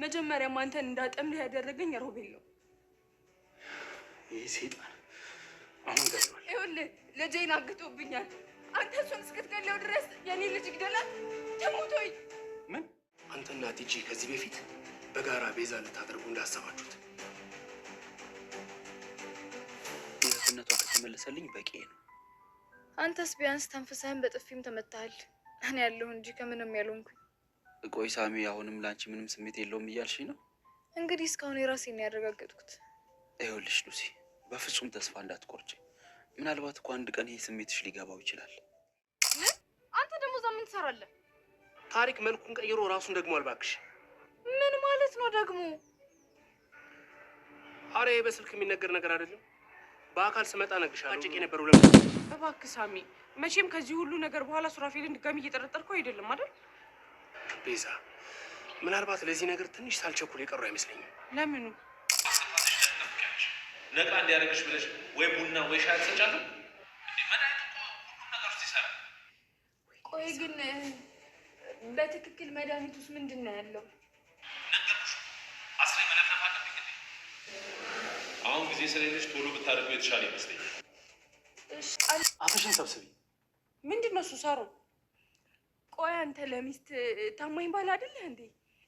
መጀመሪያም አንተን እንዳጠምድህ ያደረገኝ ሮቤል ነው። ይህ ሴጣን አሁን ገድሏል። ይኸውልህ ልጄን አግጦብኛል። አንተ እሱን እስክትገለው ድረስ የኔ ልጅ ግደላት ተሞቶይ ምን አንተና ቲጂ ከዚህ በፊት በጋራ ቤዛ ልታደርጉ እንዳሰባችሁት ነቷ ከተመለሰልኝ በቂ ነው። አንተስ ቢያንስ ተንፍሰህን በጥፊም ተመታሃል። እኔ ያለሁ እንጂ ከምንም ያልሆንኩኝ ቆይ ሳሚ፣ አሁንም ላንቺ ምንም ስሜት የለውም እያልሽ ነው? እንግዲህ እስካሁን የራሴን ያረጋገጥኩት። ይኸውልሽ ሉሲ፣ በፍጹም ተስፋ እንዳትቆርጭ። ምናልባት እኮ አንድ ቀን ይሄ ስሜትሽ ሊገባው ይችላል። አንተ ደግሞ እዛ ምን ትሰራለህ? ታሪክ መልኩን ቀይሮ ራሱን ደግሞ አልባክሽ። ምን ማለት ነው ደግሞ? አሬ በስልክ የሚነገር ነገር አይደለም። በአካል ስመጣ እነግርሻለሁ። አጭቄ የነበረው ለምን? እባክህ ሳሚ፣ መቼም ከዚህ ሁሉ ነገር በኋላ ሱራፌልን ድጋሚ እየጠረጠርከው አይደለም አይደል? ቤዛ፣ ምናልባት ለዚህ ነገር ትንሽ ሳልቸኩል የቀሩ አይመስለኝም። ለምኑ ነቃ እንዲያደርግሽ ብለሽ ወይ ቡና ወይ ሻይ ሰጫሉ። ቆይ ግን በትክክል መድኃኒት ውስጥ ምንድን ነው ያለው? አሁን ጊዜ ስለሌለሽ ቶሎ ብታደርገው የተሻለ ይመስለኛል። አፍሽን ሰብስቢ። ምንድን ነው እሱ ሰሩ ቆይ አንተ ለሚስት ታማኝ ባል አይደለህ እንዴ?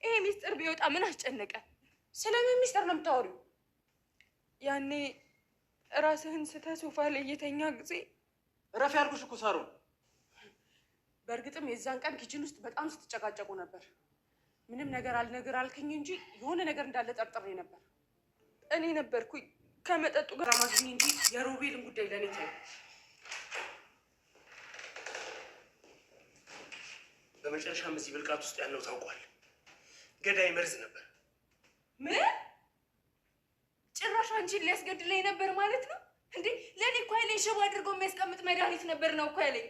ይሄ ሚስጥር ቢወጣ ምን አስጨነቀ? ስለምን ሚስጥር ነው የምታወሪው? ያኔ ራስህን ስተ ሶፋ ላይ እየተኛ ጊዜ እረፍ ያልኩሽ እኮ ሳሩ። በእርግጥም የዛን ቀን ኪችን ውስጥ በጣም ስትጨቃጨቁ ነበር። ምንም ነገር አልነገር አልከኝ እንጂ የሆነ ነገር እንዳለ ጠርጥሬ ነበር። እኔ ነበርኩኝ ከመጠጡ ጋር ማግኝ እንጂ የሮቤልን ጉዳይ ለኔ ታይ በመጨረሻም እዚህ ብልቃት ውስጥ ያለው ታውቋል። ገዳይ መርዝ ነበር። ምን ጭራሽ አንቺን ሊያስገድለኝ ነበር ማለት ነው እንዴ? ለእኔ እኮ ኃይሌን ሽቦ አድርጎ የሚያስቀምጥ መድኃኒት ነበር ነው እኮ ያለኝ።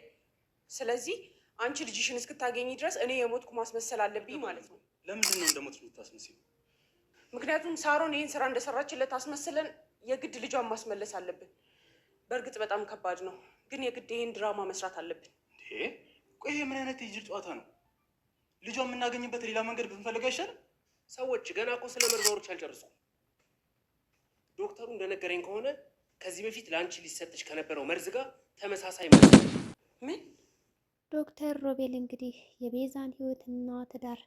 ስለዚህ አንቺ ልጅሽን እስክታገኝ ድረስ እኔ የሞትኩ ማስመሰል አለብኝ ማለት ነው። ለምንድን ነው እንደሞት የምታስመስል? ምክንያቱም ሳሮን ይህን ስራ እንደሰራችለት አስመስለን የግድ ልጇን ማስመለስ አለብን። በእርግጥ በጣም ከባድ ነው፣ ግን የግድ ይህን ድራማ መስራት አለብን። ቆይ ይሄ ምን አይነት የጅል ጨዋታ ነው? ልጇ የምናገኝበት ሌላ መንገድ ብንፈልግ አይሻልም? ሰዎች ገና እኮ ስለ ምርመሮች አልጨርሱም። ዶክተሩ እንደነገረኝ ከሆነ ከዚህ በፊት ለአንቺ ሊሰጥሽ ከነበረው መርዝ ጋር ተመሳሳይ መርዝ ምን? ዶክተር ሮቤል እንግዲህ የቤዛን ህይወትና ትዳር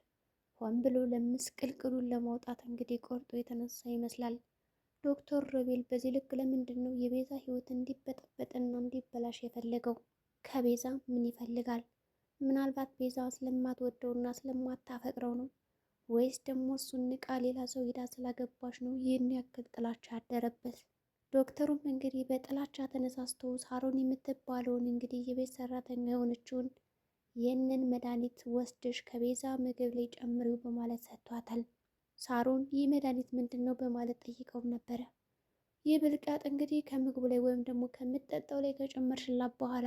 ሆን ብሎ ለምስቅልቅሉን ለማውጣት እንግዲህ ቆርጦ የተነሳ ይመስላል። ዶክተር ሮቤል በዚህ ልክ ለምንድን ነው የቤዛ ህይወት እንዲበጠበጥና እንዲበላሽ የፈለገው? ከቤዛ ምን ይፈልጋል? ምናልባት ቤዛ ስለማትወደውና ስለማታፈቅረው ነው ወይስ ደግሞ እሱን ንቃ ሌላ ሰው ሂዳ ስላገባች ነው ይህን ያክል ጥላቻ ያደረበት? ዶክተሩም እንግዲህ በጥላቻ ተነሳስቶ ሳሮን የምትባለውን እንግዲህ የቤት ሰራተኛ የሆነችውን ይህንን መድኃኒት ወስድሽ ከቤዛ ምግብ ላይ ጨምሪው በማለት ሰጥቷታል። ሳሮን ይህ መድኃኒት ምንድን ነው በማለት ጠይቀውም ነበረ። ይህ ብልቃጥ እንግዲህ ከምግቡ ላይ ወይም ደግሞ ከምጠጣው ላይ ከጨመርሽላት በኋላ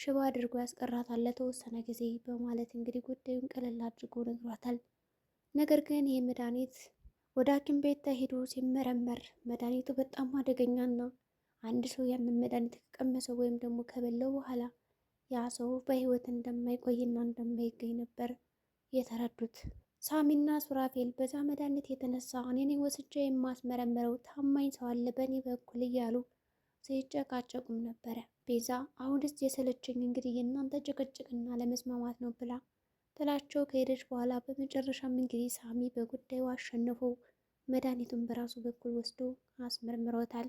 ሽባ አድርጎ ያስቀራታል ለተወሰነ ጊዜ በማለት እንግዲህ ጉዳዩን ቀለል አድርጎ ነግሯታል። ነገር ግን ይህ መድኃኒት ወደ ሐኪም ቤት ተሄዶ ሲመረመር መድኃኒቱ በጣም አደገኛና አንድ ሰው ያንን መድኃኒት ከቀመሰ ወይም ደግሞ ከበላው በኋላ ያ ሰው በህይወት እንደማይቆይና እንደማይገኝ ነበር የተረዱት። ሳሚና ሱራፌል በዛ መድኃኒት የተነሳ እኔን ወስጄ የማስመረምረው ታማኝ ሰው አለ በእኔ በኩል እያሉ ሲጨቃጨቁም ነበረ። ቤዛ አሁንስ የሰለቸኝ እንግዲህ የእናንተ ጭቅጭቅና ለመስማማት ነው ብላ ጥላቸው ከሄደች በኋላ በመጨረሻም እንግዲህ ሳሚ በጉዳዩ አሸንፎ መድኃኒቱን በራሱ በኩል ወስዶ አስመርምሮታል።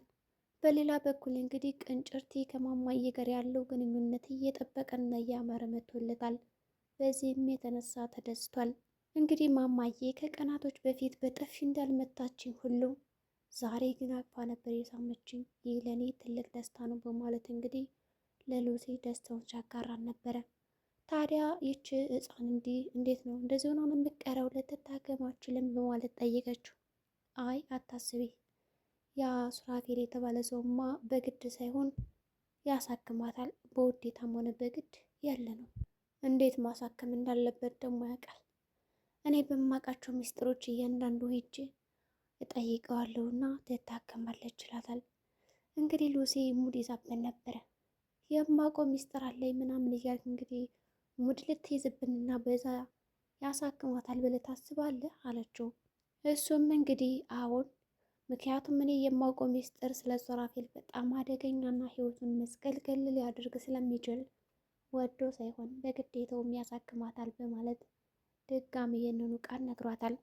በሌላ በኩል እንግዲህ ቅንጭርቲ ከማማዬ ጋር ያለው ግንኙነት እየጠበቀና እያማረ መጥቶለታል። በዚህም የተነሳ ተደስቷል። እንግዲህ ማማዬ ከቀናቶች በፊት በጥፊ እንዳልመታችኝ ሁሉ ዛሬ ግን አቅፋ ነበር የሳመችኝ። ይህ ለእኔ ትልቅ ደስታ ነው በማለት እንግዲህ ለሉሲ ደስታውን ሲያጋራን ነበረ። ታዲያ ይች ህፃን እንዲህ እንዴት ነው እንደዚህ ሆና የምትቀረው ልትታከም በማለት ጠየቀችው። አይ አታስቢ፣ ያ ሱራፌል የተባለ ሰውማ በግድ ሳይሆን ያሳክማታል። በውዴታም ሆነ በግድ ያለ ነው። እንዴት ማሳከም እንዳለበት ደግሞ ያውቃል። እኔ በማውቃቸው ሚስጥሮች እያንዳንዱ ሄጄ እጠይቀዋለሁና ትታከማለች ይችላታል። እንግዲህ ሉሲ ሙድ ይዛብን ነበረ። የማቆ ሚስጥር አለኝ ምናምን እያልክ እንግዲህ ሙድ ልትይዝብንና በዛ ያሳክማታል ብለህ ታስባለህ አለችው። እሱም እንግዲህ አሁን ምክንያቱም እኔ የማውቀው ሚስጥር ስለ በጣም አደገኛና ህይወቱን መስገልገል ሊያደርግ ስለሚችል ወዶ ሳይሆን በግዴታውም ያሳክማታል በማለት ድጋሚ ይህንኑ ቃል ነግሯታል።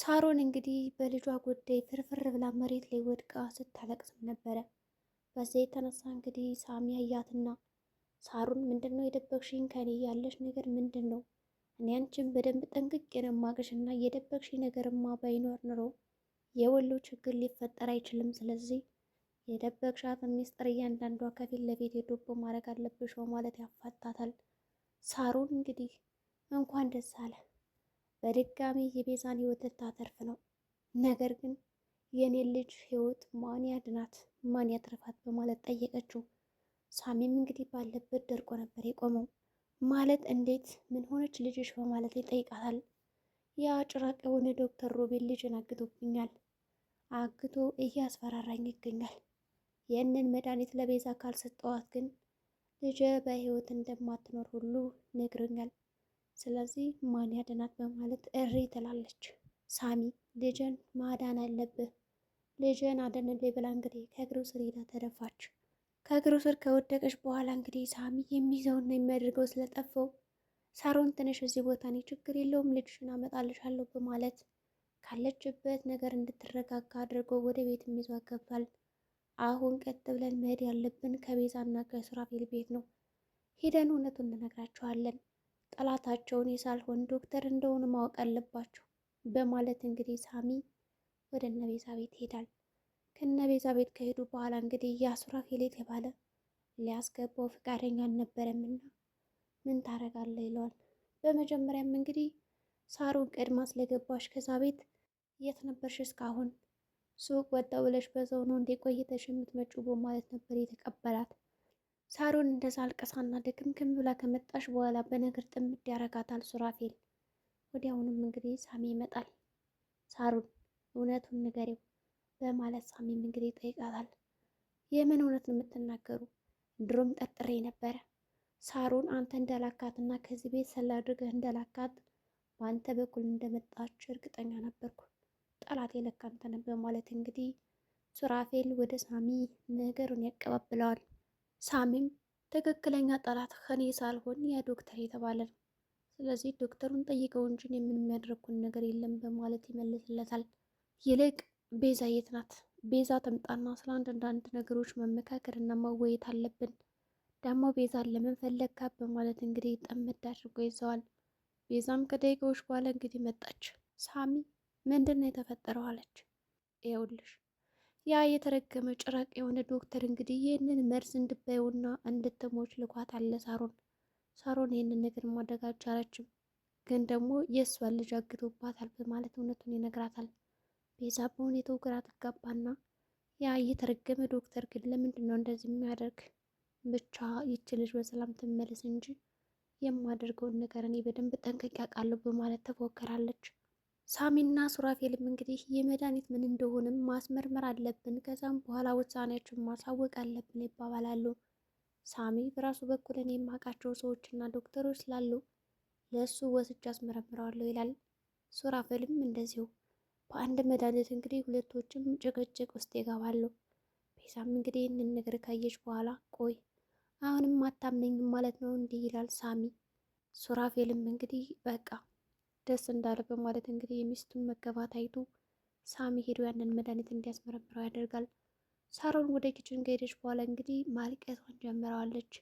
ሳሮን እንግዲህ በልጇ ጉዳይ ፍርፍር ብላ መሬት ላይ ወድቃ ስታለቅስም ነበረ። በዚያ የተነሳ እንግዲህ ሳሚ አያትና ሳሩን ምንድን ነው የደበቅሽኝ? ከኔ ያለሽ ነገር ምንድን ነው? እኔ አንቺን በደንብ ጠንቅቄ ነው የማውቅሽ እና የደበቅሽ ነገርማ ባይኖር ኑሮ የወሎ ችግር ሊፈጠር አይችልም። ስለዚህ የደበቅሻት ሚስጥር እያንዳንዷ ከፊት ለፊት የዶቦ ማድረግ አለብሽ ማለት ያፋታታል። ሳሩን እንግዲህ እንኳን ደስ አለ በድጋሚ የቤዛን ህይወት ልታተርፍ ነው። ነገር ግን የእኔን ልጅ ህይወት ማን ያድናት ማን ያትረፋት በማለት ጠየቀችው። ሳሚም እንግዲህ ባለበት ደርቆ ነበር የቆመው። ማለት እንዴት ምን ሆነች ልጅሽ በማለት ይጠይቃታል። ያ ጭራቅ የሆነ ዶክተር ሮቤል ልጅን አግቶብኛል፣ አግቶ እያስፈራራኝ ይገኛል። ይህንን መድኃኒት ለቤዛ ካልሰጠዋት ግን ልጄ በህይወት እንደማትኖር ሁሉ ነግሮኛል። ስለዚህ ማን ያድናት በማለት እሪ ትላለች። ሳሚ ልጅን ማዳን አለብህ፣ ልጅን አደንልኝ ብላ እንግዲህ ከእግሩ ስር ሄዳ ተደፋች። ከእግሩ ስር ከወደቀች በኋላ እንግዲህ ሳሚ የሚይዘውና የሚያደርገው ስለጠፈው ሳሮን ትንሽ እዚህ ቦታ እኔ ችግር የለውም ልጅሽን አመጣልሻለሁ በማለት ካለችበት ነገር እንድትረጋጋ አድርጎ ወደ ቤት ይዞ ያገባል። አሁን ቀጥ ብለን መሄድ ያለብን ከቤዛና ከሱራፌል ቤት ነው። ሄደን እውነቱን እንነግራቸዋለን። ጠላታቸውን ሳልሆን ዶክተር እንደሆነ ማወቅ አለባቸው በማለት እንግዲህ ሳሚ ወደ ነቤዛ ቤት ይሄዳል። ከነቤዛ ቤት ከሄዱ በኋላ እንግዲህ የሱራፌል የተባለ ሊያስገባው ፍቃደኛ አልነበረምና ምን ታረጋለህ ይለዋል። በመጀመሪያም እንግዲህ ሳሩን ቀድማ ስለገባሽ ከዛ ቤት የት ነበርሽ እስካሁን ሱቅ ወጣ ብለሽ በዛው ነው እንዴ ቆይተሽ የምትመጪው? በማለት ነበር የተቀበላት። ሳሮን እንደዛ አልቀሳና ድክምክም ብላ ከመጣሽ በኋላ በነገር ጥምድ ያረጋታል ሱራፌል። ወዲያውንም እንግዲህ ሳሚ ይመጣል። ሳሩን እውነቱን ንገሪው በማለት ሳሚም እንግዲህ ይጠይቃታል። የምን እውነት ነው የምትናገሩ? ድሮም ጠርጥሬ ነበረ። ሳሩን አንተ እንደላካትና ከዚህ ቤት ሰላ እንደላካት በአንተ በኩል እንደመጣች እርግጠኛ ነበርኩ። ጠላት የለካ አንተ ነበር ማለት እንግዲህ ሱራፌል ወደ ሳሚ ነገሩን ያቀባብለዋል። ሳሚም ትክክለኛ ጠላት ከኔ ሳልሆን ያ ዶክተር የተባለ ነው። ስለዚህ ዶክተሩን ጠይቀው እንጂ የምንሚያደርጉን ነገር የለም በማለት ይመልስለታል። ይልቅ ቤዛ የት ናት? ቤዛ ትምጣና ስለ አንዳንድ ነገሮች እና መወየት አለብን። ደግሞ ቤዛን ለምን ፈለግካ? በማለት እንግዲህ ጠመድ አድርጎ ይዘዋል። ቤዛም ከደቂቃዎች በኋላ እንግዲህ መጣች። ሳሚ ምንድን ነው የተፈጠረው አለች። ይኸውልሽ ያ የተረገመ ጭራቅ የሆነ ዶክተር እንግዲህ ይህንን መርዝ እንድባየውና እንድትሞች ልኳት አለ ሳሮን። ሳሮን ይህንን ነገር ማድረግ አልቻለችም፣ ግን ደግሞ የእሷን ልጅ አግዶባታል በማለት እውነቱን ይነግራታል። ቤዛ በሁኔታው ግራ ትጋባና ያ የተረገመ ዶክተር ግን ለምንድን ነው እንደዚህ የሚያደርግ? ብቻ ይች ልጅ በሰላም ትመለስ እንጂ የማደርገውን ነገር እኔ በደንብ ጠንቅቄ አውቃለሁ በማለት ትፎክራለች። ሳሚና ሱራፌልም እንግዲህ የመድኃኒት ምን እንደሆነም ማስመርመር አለብን፣ ከዛም በኋላ ውሳኔያችሁን ማሳወቅ አለብን ይባባላሉ። ሳሚ በራሱ በኩል እኔ የማውቃቸው ሰዎችና ዶክተሮች ስላሉ ለእሱ ወስጄ አስመረምረዋለሁ ይላል። ሱራፌልም እንደዚሁ በአንድ መድኃኒት እንግዲህ ሁለቶችም ጭቅጭቅ ውስጥ ይገባሉ። ቤዛም እንግዲህ ይህንን ነገር ካየች በኋላ ቆይ አሁንም አታመኝም ማለት ነው እንዲህ ይላል ሳሚ። ሱራፌልም እንግዲህ በቃ ደስ እንዳለ በማለት እንግዲህ የሚስቱን መገባት አይቶ ሳሚ ሄዶ ያንን መድኃኒት እንዲያስመረምረው ያደርጋል። ሳሮን ወደ ኪችን ከሄደች በኋላ እንግዲህ ማልቀሷን ጀምረዋለች።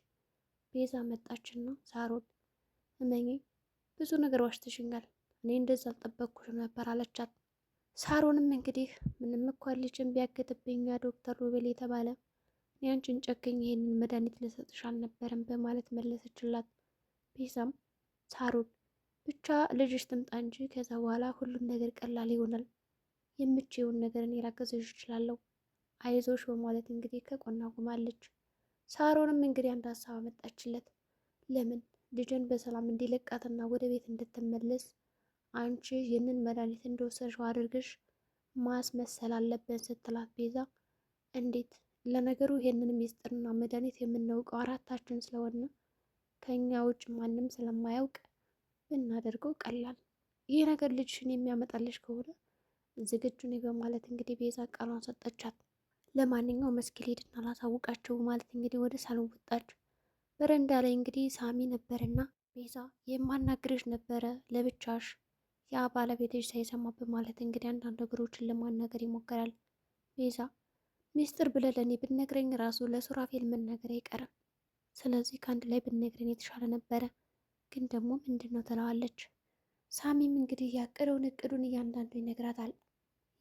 ቤዛ መጣችና ሳሮን እመኚ ብዙ ነገር ዋሽተሽኛል፣ እኔ እንደዛ አልጠበቅኩሽም ነበር አለቻት። ሳሮንም እንግዲህ ምንም እኳ ልጅን ቢያገትብኝ ዶክተር ሮቤል የተባለ እኔ አንቺን ጨክኝ ይሄንን መድኃኒት ልሰጥሽ አልነበረም በማለት መለሰችላት። ቤዛም ሳሮን ብቻ ልጅሽ ትምጣ እንጂ ከዛ በኋላ ሁሉም ነገር ቀላል ይሆናል። የምችየውን ነገር እኔ ላገዘሽ እችላለሁ፣ አይዞሽ በማለት እንግዲህ ከቆና ቁማለች። ሳሮንም እንግዲህ አንድ ሀሳብ አመጣችለት። ለምን ልጅን በሰላም እንዲለቃትና ወደ ቤት እንድትመለስ አንቺ ይህንን መድኃኒት እንደወሰድሽው አድርግሽ ማስመሰል አለብን ስትላት ቤዛ እንዴት ለነገሩ ይህንን ሚስጥርና መድኃኒት የምናውቀው አራታችን ስለሆነ ከእኛ ውጭ ማንም ስለማያውቅ ብናደርገው ቀላል ይህ ነገር ልጅሽን የሚያመጣልሽ ከሆነ ዝግጁ ነኝ በማለት እንግዲህ ቤዛ ቃሏን ሰጠቻት። ለማንኛውም መስኪ ልሄድና አላሳውቃቸው ማለት እንግዲህ ወደ ሳሎን ወጣች። በረንዳ ላይ እንግዲህ ሳሚ ነበርና ቤዛ የማናግርሽ ነበረ ለብቻሽ ያ ባለቤትሽ ሳይሰማ በማለት እንግዲህ አንዳንድ ነገሮችን ለማናገር ይሞከራል። ቤዛ ሚስጥር ብለህ ለእኔ ብነግረኝ ራሱ ለሱራፌል መናገር አይቀርም። ስለዚህ ከአንድ ላይ ብነግረኝ የተሻለ ነበረ ግን ደግሞ ምንድን ነው ትለዋለች። ሳሚም እንግዲህ ያቀደውን እቅዱን እያንዳንዱ ይነግራታል።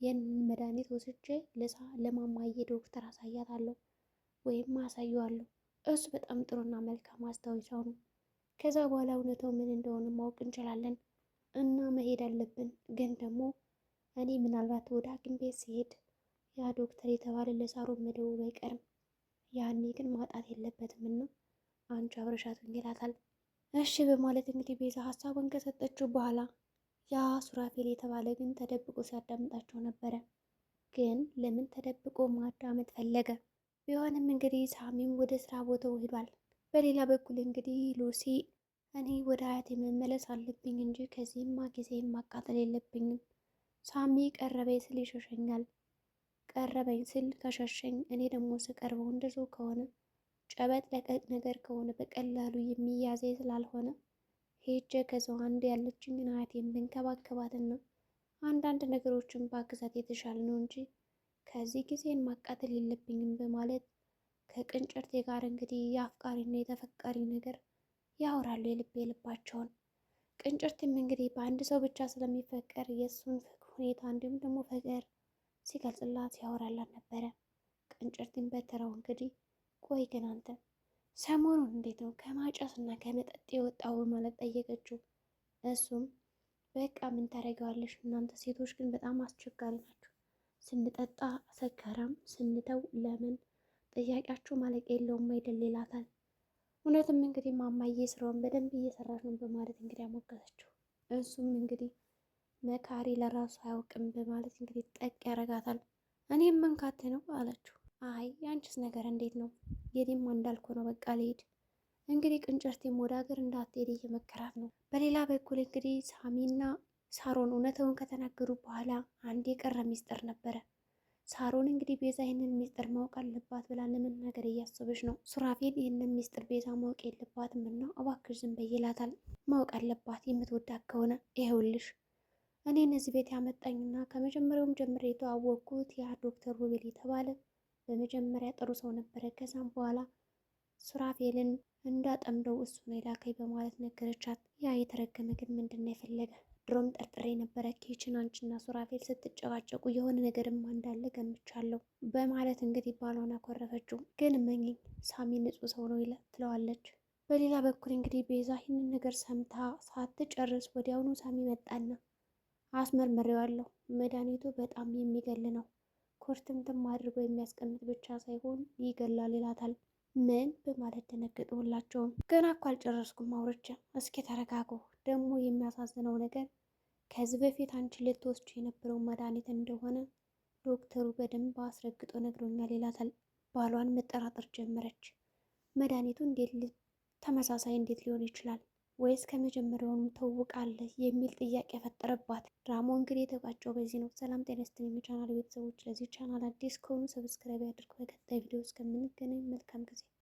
ይህንን መድኃኒት ወስጄ ለማማዬ ዶክተር አሳያታለሁ ወይም አሳየዋለሁ። እሱ በጣም ጥሩና መልካም አስተዋይ ነው። ከዛ በኋላ እውነታው ምን እንደሆነ ማወቅ እንችላለን እና መሄድ አለብን። ግን ደግሞ እኔ ምናልባት ወደ ሐኪም ቤት ሲሄድ ያ ዶክተር የተባለ ለሳሮ መደቡ አይቀርም። ያኔ ግን ማጣት የለበትም እና አንቺ አብረሻት ይላታል። እሺ በማለት እንግዲህ ቤዛ ሀሳቧን ከሰጠችው በኋላ ያ ሱራፌል የተባለ ግን ተደብቆ ሲያዳምጣቸው ነበረ። ግን ለምን ተደብቆ ማዳመጥ ፈለገ? ቢሆንም እንግዲህ ሳሚም ወደ ስራ ቦታው ሄዷል። በሌላ በኩል እንግዲህ ሉሲ እኔ ወደ አያቴ መመለስ አለብኝ እንጂ ከዚህማ ጊዜም ማቃጠል የለብኝም። ሳሚ ቀረበኝ ስል ይሸሸኛል። ቀረበኝ ስል ከሸሸኝ እኔ ደግሞ ስቀርበው እንደዚያው ከሆነ ጨበጥ ለቀቅ ነገር ከሆነ በቀላሉ የሚያዜ ስላልሆነ ሄጄ ከዛው አንድ ያለችኝን እህቴን ብንከባከባትና አንዳንድ ነገሮችን በአግዛት የተሻለ ነው እንጂ ከዚህ ጊዜን ማቃጠል የለብኝም በማለት ከቅንጭርቴ ጋር እንግዲህ የአፍቃሪና የተፈቃሪ ነገር ያወራሉ የልብ የልባቸውን። ቅንጭርትም እንግዲህ በአንድ ሰው ብቻ ስለሚፈቀር የእሱን ሁኔታ እንዲሁም ደግሞ ፍቅር ሲገልጽላት ያወራላት ነበረ። ቅንጭርትን በተራው እንግዲህ ቆይ ግን አንተ ሰሞኑን እንዴት ነው ከማጨስ ከመጠጥ የወጣው ማለት ጠየቀችው። እሱም በቃ ምን ታደርገዋለሽ፣ እናንተ ሴቶች ግን በጣም አስቸጋሪ ናችሁ። ስንጠጣ ሰከራም ስንተው ለምን ጥያቄያችሁ ማለቅ የለውም አይደል ይላታል። እውነትም እንግዲህ ማማዬ ስራውን በደንብ እየሰራች ነው በማለት እንግዲህ አሞገሰችው። እሱም እንግዲህ መካሪ ለራሱ አያውቅም በማለት እንግዲህ ጠቅ ያረጋታል። እኔም መንካት ነው አለችው። አይ የአንቺስ ነገር እንዴት ነው? የኔማ እንዳልኩ ነው። በቃ ልሄድ እንግዲህ ቅንጨርቴም ወደ ሀገር እንዳትሄድ እየመከራት ነው። በሌላ በኩል እንግዲህ ሳሚና ሳሮን እውነተውን ከተናገሩ በኋላ አንድ የቀረ ሚስጥር ነበረ። ሳሮን እንግዲህ ቤዛ ይህንን ሚስጥር ማወቅ አለባት ብላ ነገር እያሰበች ነው። ሱራፌል ይህንን ሚስጥር ቤዛ ማወቅ የለባትም እና እባክሽ ዝም በይ ይላታል። ማወቅ አለባት የምትወዳት ከሆነ ይኸውልሽ እኔ እነዚህ ቤት ያመጣኝና ከመጀመሪያውም ጀምሬ የተዋወቅኩት ያ ዶክተር ውቤል የተባለ በመጀመሪያ ጥሩ ሰው ነበረ። ከዛም በኋላ ሱራፌልን እንዳጠምደው እሱ ነው የላከኝ በማለት ነገረቻት። ያ የተረገመ ግን ምንድን ነው የፈለገ? ድሮም ጠርጥሬ ነበረ ኬችን አንቺና ሱራፌል ስትጨቃጨቁ የሆነ ነገርማ እንዳለ ገምቻለሁ በማለት እንግዲህ ባሏን አኮረፈችው። ግን መኝኝ ሳሚ ንጹህ ሰው ነው ትለዋለች። በሌላ በኩል እንግዲህ ቤዛ ይህንን ነገር ሰምታ ሳትጨርስ ወዲያውኑ ሳሚ መጣና አስመርምሬዋለሁ መድኃኒቱ በጣም የሚገል ነው ኮርትምትም አድርጎ የሚያስቀምጥ ብቻ ሳይሆን ይገላል ይላታል። ምን በማለት ደነገጡ ሁላቸውም። ገና እኮ አልጨረስኩም አውርቼ፣ እስኪ ተረጋጉ። ደግሞ የሚያሳዝነው ነገር ከዚህ በፊት አንቺ ልትወስጂ የነበረው መድኃኒት እንደሆነ ዶክተሩ በደንብ አስረግጦ ነግሮኛል ይላታል። ባሏን መጠራጠር ጀመረች። መድኃኒቱ እንዴት ተመሳሳይ እንዴት ሊሆን ይችላል? ወይስ ከመጀመሪያውኑ ተውቃለህ የሚል ጥያቄ ያፈጠረባት ድራማው እንግዲህ የተቋጨው በዚህ ነው። ሰላም ጤና ይስጥልኝ የቻናል ቤተሰቦች፣ ለዚህ ቻናል አዲስ ከሆኑ ሰብስክራይብ ያድርጉ። በቀጣይ ቪዲዮ እስከምንገናኝ መልካም ጊዜ